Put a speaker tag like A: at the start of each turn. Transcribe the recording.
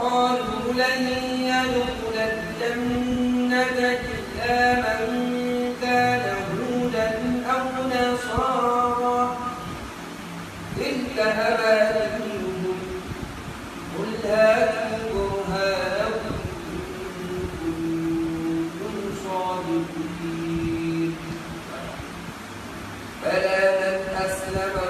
A: وقالوا لن يدخل الجنة إلا من كان هودا أو نصارى
B: تلك أمانيهم قل هاتوا برهانكم إن
C: كنتم صادقين فلا من أسلم